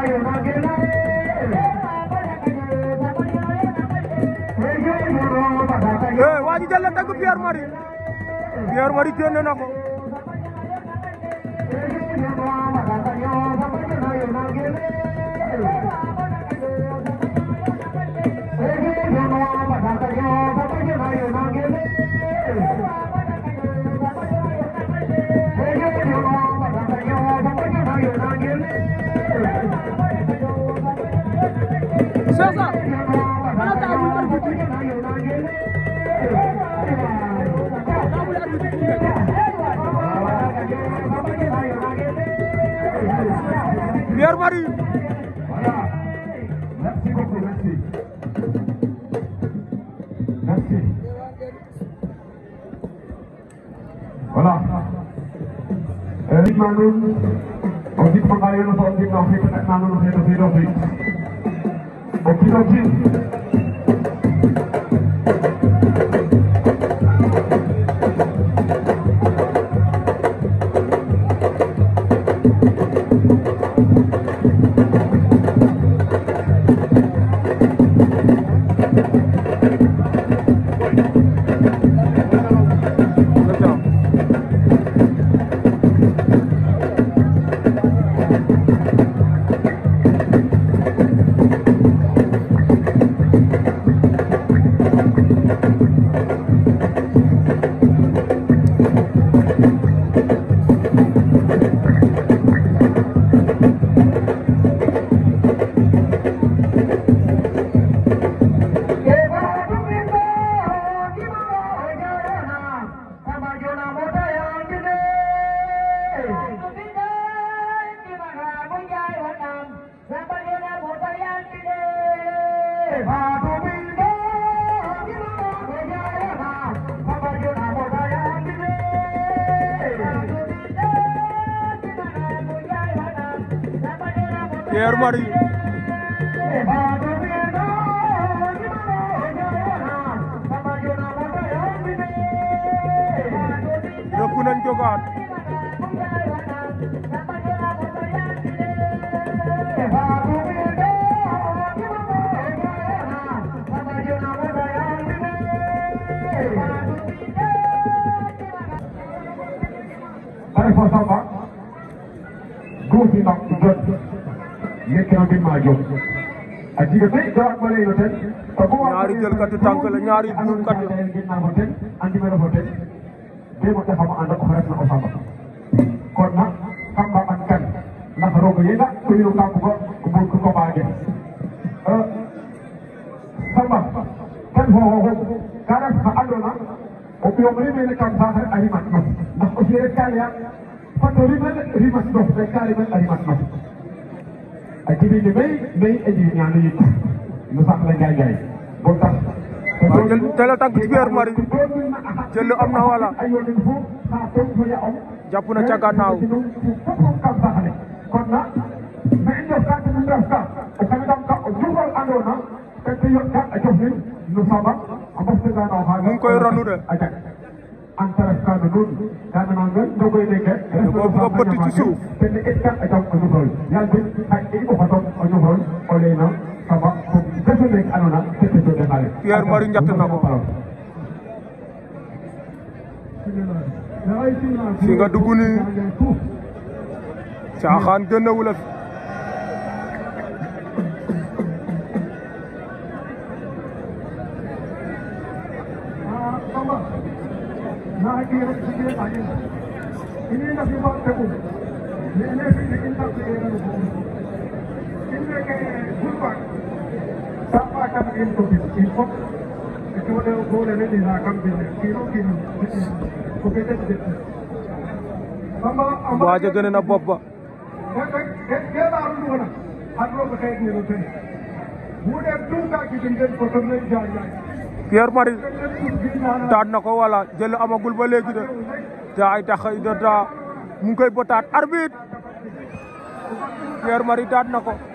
Eh, waa ji jël na tagg Pierre Marie Pierre Marie génne na ko Biar mari. Merci beaucoup, merci. Merci. Voilà. Eric Manoun, on dit pour Mario, on dit qu'on fait É picadinho. Pierre Marie rëpp nañ jogaat Ari Fassamba góor bi nag Kambine a jiga tay to ak male no ten ñaari jël kat tànk la ñaari buur kat la ginnaaw ten andime refo ten be mo taxama ànd ak xarat na ko samba kon nag samba man kan ndax rooga yena ko yino ka buga buur ko ko baage euh, samba kan xoxoxo ka ref xa andona o ɓiyong rimene kam faaxe a rimat nos ndax o sereer ka leya fato rimen rimat nos ka rimen a rimat nos ak kii di lu sax la jaay a tànk ci biir mari jël am na wala jàpp na ca gannaaw mu koy ronu de en terrasse kaa ne noonu daa ne noonu nga koy déggee. ci suuf benn hectare a jam o ñufrol yaal den xaj i o faton o ñufrol o leyna kama fo gasa meek andoona ten te cooɗe xaale Pierre Marie njatna ko si nga dugg ni caaxaan génnewu la fi ah, kiyebilecekleri hayır. İliğine sifat da bu. Neyle fikrin tavsiyeleri bu. Şimdiki kurban, tapma kabul edilir. İlkok, ikimde o gol eve dina kabul Kilo kilo, kupete gidilir. Ama ama... Bu ağaca dönün abba abba. Gel ağrını bana. Adro bakayım yürütün. Bu da tüm takip edildiğin fotoğrafını icra edildi. Pierre Marie taat na ko wala jël amagul ba léegi de te ay tax da mu ngi koy botaat arbitre Pierre Marie taat na ko